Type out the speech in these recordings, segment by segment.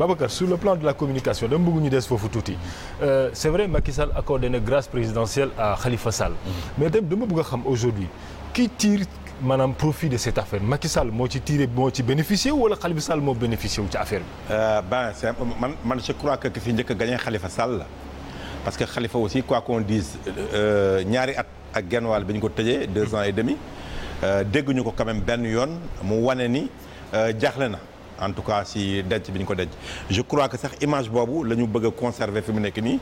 Babacar sur le plan de la communication dama bëgg ñu des foofu tuuti euh, c'est vrai Macky Sall accordé na grâce présidentielle à Khalifa Sall. Mm-hmm. mais tamit dama bëgg a xam aujourd'hui qui tire maanaam profit de cette affaire Macky Sall moo ci tiré moo ci bénéficié wala Khalifa Sall moo bénéficié wu ci affaire bi. Euh, ben c'est man man que ki fi njëkk a gagné Khalifa la parce que Khalifa aussi quoi qu'on dise euh, ñaari at ak genn wàll bi ñu ko tëjee deux ans et demi dégguñu ko quand benn yoon mu wane ni jaaxle na. en tout cas si denc bi ñu ko denc je crois que sax image boobu la ñu bëgg a fi mu nekk nii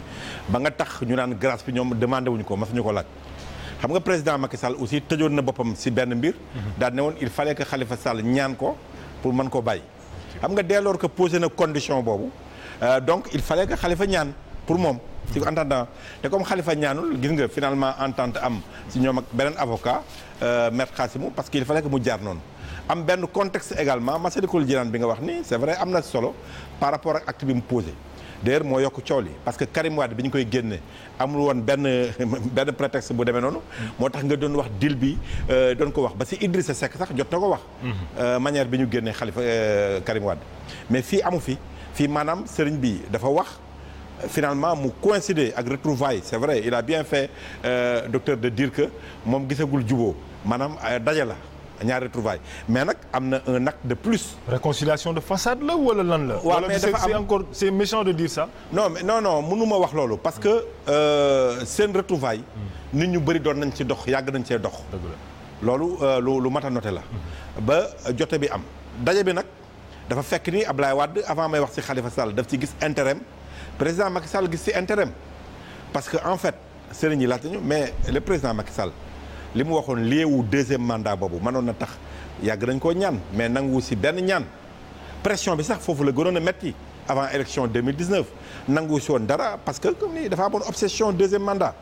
ba nga tax ñu naan grâce bi ñoom demandé wuñ ko mas ñu ko laaj xam nga président Macky Sall aussi tëjoon na boppam si benn mbir mhm. daal ne woon il fallait que Khalifa Sall ñaan ko pour mën ko bàyyi xam nga dès que posé na condition boobu euh, donc il fallait que Khalifa ñaan pour moom mhm. si comme Khalifa ñaanul gis nga finalement entente am si ak beneen avocat euh, maître Khassimou parce que il fallait que mu jaar noonu am benn contexte également Massalikul Jinaan bi nga wax ni c'est vrai am na solo par rapport ak acte bi mu posé d'ailleurs moo yokk coow li parce que Karim Wade bi ñu koy génnee amul woon benn benn prétexte bu demee noonu. moo tax nga doon wax dil bi euh, doon ko wax ba si sa Seck sax jot na ko wax. Mhm. Euh, manière bi ñu génnee Khalifa euh, Karim Wade. mais fii amu fi fii maanaam sëriñ bi dafa wax finalement mu coïncider ak retrouvailles c'est vrai il a bien fait docteur de dire que moom gisagul juboo maanaam daje la. ñaari retrouvailles mais nag am na un nag de plus. réconciliation de façade la wala lan la. waaw mais dafa am c'est encore c'est méchant de dire ça. non mais non non wax loolu parce que euh, seen retrouvailles. Hmm. nit ñu bëri doon nañ ci dox yàgg nañ cee dox. loolu euh, lu lu mat a noté la. Hmm. ba jote bi am daje bi nag dafa fekk ni Ablaye Wade avant may wax ci Khalifa Sall daf ci gis intérim président Macky Sall gis ci intérim parce que en fait sëriñ yi laajte ñu mais le président Macky Sall. li mu waxoon liewu deuxième mandat boobu mënoon na tax yàgg nañ koo ñaan mais nanguwu si benn ñaan pression bi sax foofu la gënoon a metti avant élection 2019 nanguwu si woon dara parce que comme ni dafa amoon obsession deuxième mandat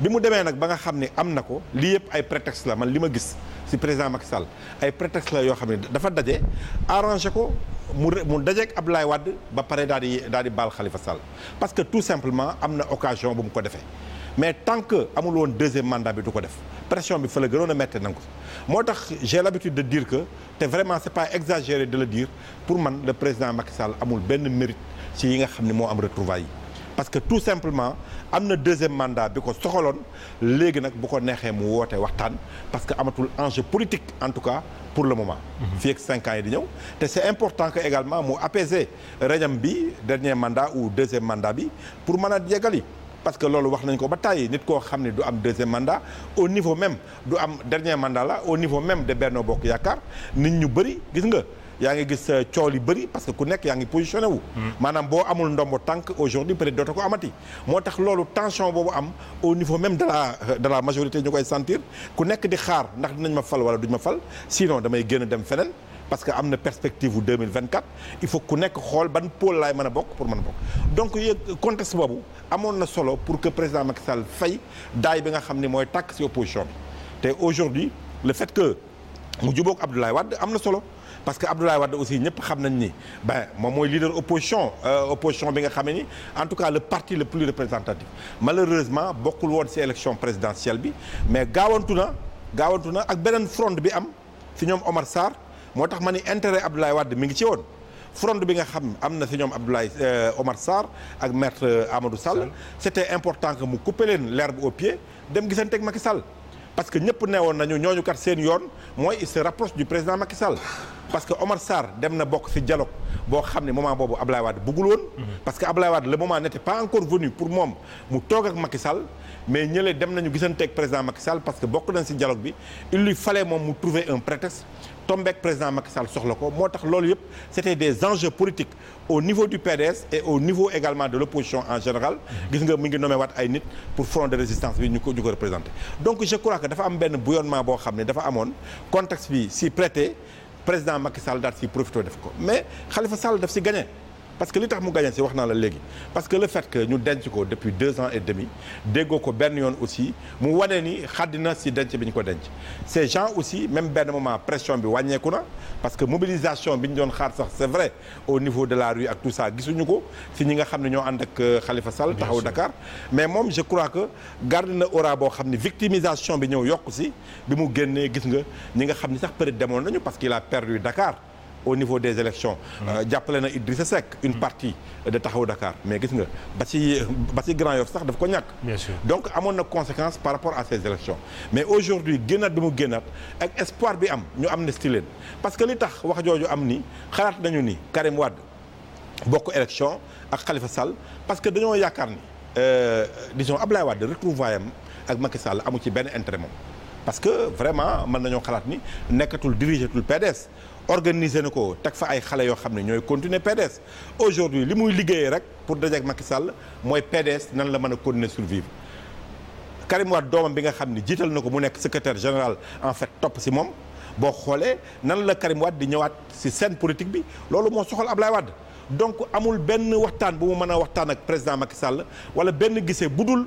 bi mu demee nag ba nga xam ne am na ko lii yëpp ay prétexte la man li ma gis si président Macky Sall ay prétexte la yoo xam ne dafa daje arrangé ko mu mu ab Abdoulaye Wade ba pare daal di daal di baal xalifa Sall parce que tout simplement am na occasion bu mu ko defee mais tant que amul woon deuxième mandat bi du ko def pression bi fa la gënoon a méttee nangu moo tax j'ai l'habitude de dire que te vraiment c'est pas exagéré de le dire pour man le président Macky Sall amul benn mérite ci yi nga xam ne moo am retrouvailles yi parce que tout simplement am na deuxième mandat bi ko soxaloon léegi nag bu ko neexee mu woote waxtaan parce que amatul enjeu politique en tout cas pour le moment mhm. fii ak cinq ans yi di ñëw te c'est important que également mu apaiser reñam bi dernier mandat ou deuxième mandat bi pour mën a yegali parce que loolu wax nañ ko ba tàyyi nit koo xam ne du am deuxième mandat au niveau même du am dernier mandat la au niveau même de Benno Bokk Yaakaar nit ñu bëri gis nga yaa ngi gis euh, coow li bëri parce que ku nekk yaa ngi positionné wu hmm. maanaam boo amul ndombo tànk aujourd'hui peut-être doota ko amati moo tax loolu tension boobu am au niveau même de la euh, de la majorité ñu koy sentir ku nekk di xaar ndax dinañ ma fal wala duñ ma fal sinon damay génn dem feneen parce que am na perspective wu 2024 il faut ku nekk xool ban pôle laay mën a bokk pour mën a bokk donc yëg contexte boobu amoon na solo pour que président Macky Sall fay daay bi nga xam ni mooy takk ci opposition bi te aujourd'hui le fait que mu jubóog Abdoulaye Wade am na solo parce que Abdoulaye Wade aussi ñëpp xam nañ ni ben moom mooy leader opposition euh, opposition bi nga xam ni en tout cas le parti le plus représentatif malheureusement bokkul woon ci élection bi mais gaawantu na gaawantu na ak beneen front bi am fi ñoom Omar moo tax ma ni intérêt Abdoulaye Wade mi ngi ci woon fronde bi nga xam am na si ñoom Abdoulaye euh, Omar Sarr ak maître euh, Amadou Sall c'était important que mu couper leen l'herbe au pied dem gisante ak Macky Sall parce que ñëpp neewoon nañu ñooñu kat seen yoon mooy il se rapproche du président Macky Sall parce que Omar Sarr dem na bokk ci dialogue boo xam ne moment boobu Ablaye Wade bëggul parce que Ablaye Wade le moment n'était pas encore venu pour moom mu toog ak Macky Sall mais ñële dem nañu gisanteeg président Macky Sall parce que bokk nañ ci dialogue bi il lui fallait moom mu trouver un prétexte tombeek président Macky soxla ko moo tax loolu yëpp c'était des enjeux politiques au niveau du PDS et au niveau également de l'opposition en général gis nga mu ngi nommé waat ay nit pour front de résistance bi ñu ko ñu ko représenté donc am benn bouillonnement boo xam ne dafa amoon contexte bi si prêté président Macky Sall daal si profité def ko mais Khalifa Sall daf si gagné. parce que li tax mu gagné si wax naa la léegi parce que le fait que ñu denc ko depuis deux ans et demi déggoo ko benn yoon aussi mu wane ni xàddina si denc bi ñu ko denc ces aussi même benn moment pression bi wàññeeku na parce que mobilisation bi ñu doon xaar sax c'est vrai au niveau de la rue ak tout ça gisuñu ko si ñi nga xam ne ñoo ànd ak euh, Khalifa Sall taxaw Dakar mais moom je crois que garde na aura boo xam ne victimisation bi ñëw yokk si bi mu génnee gis nga ñi nga xam ne sax peut-être demoon nañu parce qu'il a perdu Dakar au niveau des élections euh, jàppale na it Idrissa Seck une mm. partie de Taxawu Dakar mais gis nga ba ci ba ci Grand Yoff sax daf ko ñàkk donc amoon na conséquence par rapport a ces élections mais aujourd'hui génnaat bi mu génnaat ak espoir bi am ñu am amnistie leen parce que li tax wax jooju am ni xalaat nañu ni Karim Wade bokk élection ak xalifa Sall parce que dañoo yaakaar ni euh, disons ab Wade retrouvailles am ak Macky Sall amu ci benn intérêt moom parce que vraiment mën nañoo xalaat ni nekkatul dirigeatul PDS organiser na ko teg fa ay xale yoo xam ne ñooy continuer PDS aujourd'hui li muy liggéeyee rek pour dajeek Macky Sall mooy PDS nan la mën a continuer survivre Karim Wade doomam bi nga xam ni jiital na ko mu nekk secrétaire général en fait topp si moom boo xoolee nan la Karim di ñëwaat si seen politique bi loolu moo soxal Ablaye Wade donc amul benn waxtaan bu mu mën a waxtaan ak président Macky Sall wala benn gisee bu budul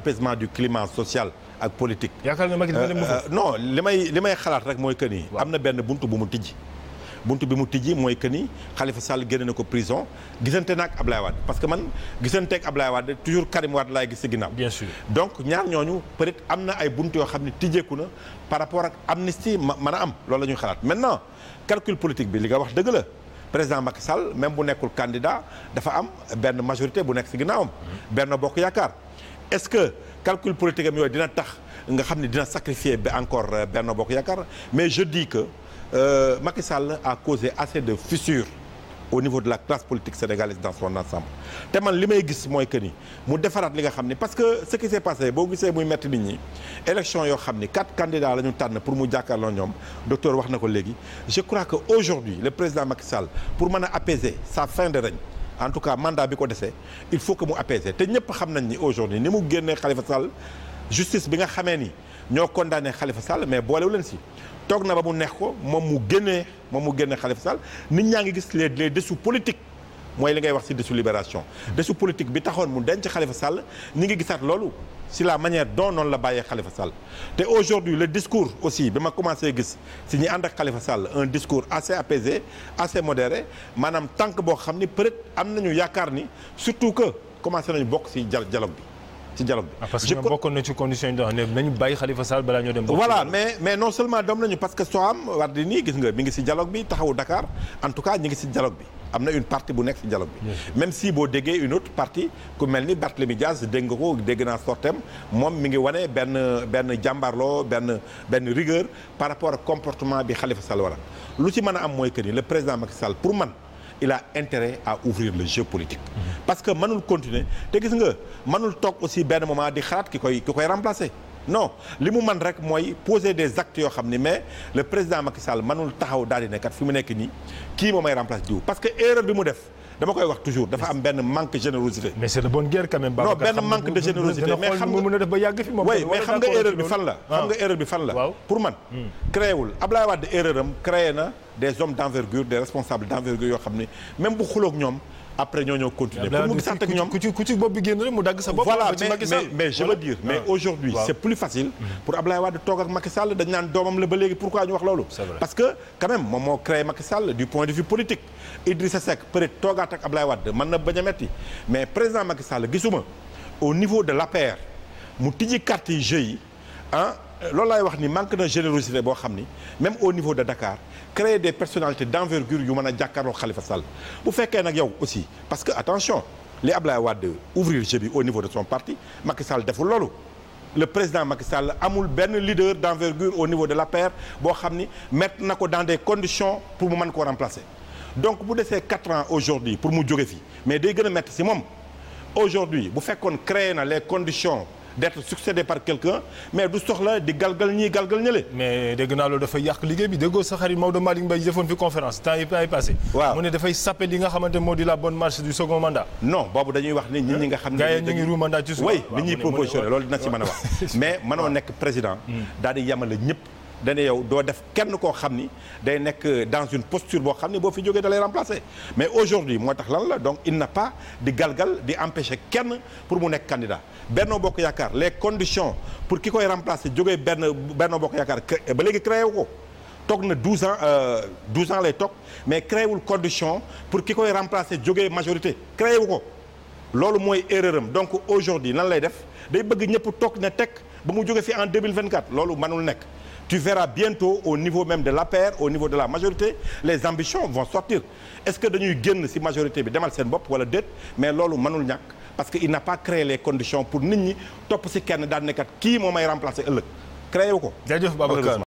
apaisement du climat social ak politique. yaakaar nga Macky dina euh, euh, non li may li may xalaat rek mooy que ni. am na benn buntu bu mu tijji. buntu bi mu tijji mooy que ni Khalifa Sall génne na ko prison gisante na ak parce que man gisante ak Ablaye toujours Karim Wade laay gis si ginnaaw. ñooñu peut-être am na ay buntu yoo xam ne tijjeeku na par rapport ak amnistie ma mën a am loolu la ñuy xalaat maintenant calcul politique bi li nga wax dëgg la. président Macky Sall même bu nekkul candidat dafa am benn majorité bu nekk si ginnaawam. Mhm. benn bokk yaakaar. est-ce que calcul politique am yooyu dina tax nga xam ne dina sacrifier ba encore euh, Benno Bokk Yaakaar mais je dis que euh, Macky Sall a causé assez de fissures au niveau de la classe politique sénégalaise dans son ensemble te man li may gis mooy que ni mu defaraat li nga xam ne parce que ce qui s'est passé boo gisee muy metti nit ñi élection yoo xam ni quatre candidats la ñu tànn pour mu jàkkaarloo ñoom docteur wax na ko léegi je crois que aujourd'hui le président Macky Sall pour mën a apaiser sa fin de règne en tout cas mandat bi ko desee il faut que mu apaiser te ñëpp xam nañ ni aujourd'hui ni mu génnee Khalifa Sall justice bi nga xamee ni ñoo condamné xalifa Sall mais boolewu leen si toog na ba mu neex ko moom mu génnee moom mu génnee Khalifa Sall nit ñaa ngi gis les les dessous politiques mooy li ngay wax ci déchu libération déchu politique bi taxoon mu denc Khalifa Sall ñi ngi gisaat loolu si la manière dont noonu la bàyyee Khalifa Sall te aujourd'hui le discours aussi bi ma commencé gis si ñi ànd ak Khalifa Sall un discours assez apaisé assez modéré boo xam ni peut-être am nañu yaakaar ni surtout que bokk si ci dialogue bi. Ah, que ñoom bokkoon na ci condition yi ñu nañu bàyyi Khalifa Sall balaa ñoo dem. voilà mais mais non seulement doom nañu parce que soo am war di nii gis nga mi ngi si dialogue bi taxawu Dakar en tout cas ñi ngi si dialogue bi. am na une partie bu nekk ci dialogue bi même si boo déggee une autre partie ku mel ni Barthélemy Diaz dégg nga ko dégg naa sortem moom mi ngi wane benn benn jàmbarloo benn benn rigueur par rapport ak comportement bi xalifa Sall wala lu ci mën a am mooy kër yi le président Macky Sall pour man il a intérêt à ouvrir le jeu politique mm-hmm. parce que mënul continuer te gis nga mënul toog aussi benn moment di xalaat ki koy ki koy remplacer non li mu man rek mooy poser des actes yoo xam ni mais le président Macky Sall manul taxaw daal di nekkat fi mu nekk nii kii moom may remplacer jiw parce que erreur bi mu def dama koy wax toujours dafa am benn manque générosité. mais c'est de bonne guerre quand même. non benn manque de générosité mais xam nga mën a def ah. bi fan la. xam nga erreur bi pour man. Hmm. créé wul Abdoulaye Wade erreur am créé na des hommes d'envergure des responsables d'envergure yoo xam ni même bu xuloog ñoom après ñoo ñoo continuer pour mu gisaat ak ñoom ku ci ku ci bopp bi génn rek mu dagg sa bopp. voilà mais mais mais je veux dire mais aujourd'hui c'est plus facile. Mm-hmm. pour Ablaye Wade toog ak Macky Sall dañ naan doomam la ba léegi pourquoi ñu wax loolu. parce que quand moom moo créé Macky Sall du point de vue politique. Idrissa Seck peut-être toogaat ak Ablaye Wade mën na bañ a metti mais président Macky Sall gisuma au niveau de l'APR mu tijji carte yi jeu yi ah loolu laay wax ni manque na générosité boo xam ni même au niveau de Dakar. créer des personnalités d'envergure yu mën a jàkkaarloo Khalifa Sall bu fekkee nag yow aussi parce que attention li Ablaye Wade ouvrir jeu bi au niveau de son parti Macky Sall deful loolu le président Macky Sall amul benn leader d'envergure au niveau de l'APR boo xam ni mettre na ko dans des conditions pour mu mën koo remplacer donc bu desee quatre ans aujourd'hui pour mu jóge fi mais day gën a mettre ci moom aujourd'hui bu fekkoon créer na les conditions d'être succédé par quelqu'un mais du soxla di galgal ñii galgal ñële. mais dégg naa loolu dafay yàq liggéey bi déggoo sa xarit Maodo Malick Mbaye defoon fi conférence temps yi ay mu ne dafay sappe li nga xamante moo di la bonne marche du second mandat. non boobu dañuy wax ni ñi nga xam ne. ngi ru mandat ci suuf. waaw mu ne mu loolu dina ci mën a wax. mais mënoo nekk président. Hmm. daal di yamale ñëpp. dane yow doo def kenn koo xam ni day nekk dans une posture boo xam ni boo fi jógee dalay lay remplacer mais aujourd'hui moo tax lan la donc il n'a di galgal di empêcher kenn pour mu nekk candidat Benno Bokk Yaakaar les conditions pour ki koy remplacer jógee benn Benno Bokk Yaakaar eh, ba léegi créé wu ko toog na 12 ans euh, 12 ans lay toog mais créé wul condition pour ki koy remplacer jógee majorité créé wu ko loolu mooy erreur am donc aujourd'hui nan lay def day bëgg ñëpp toog na teg ba mu jóge fi en 2024 loolu mënul nekk tu verras bientôt au niveau même de l'APR au niveau de la majorité les ambitions vont sortir est-ce que dañuy génn ci majorité bi demal seen bopp walla déet mais loolu mënul ñàkk parce que il n'a pas créé les conditions pour nit ñi topp ci kenn daal nekkat kii moo ay remplacer ëllëg créé wu ko. jaajëf Babacar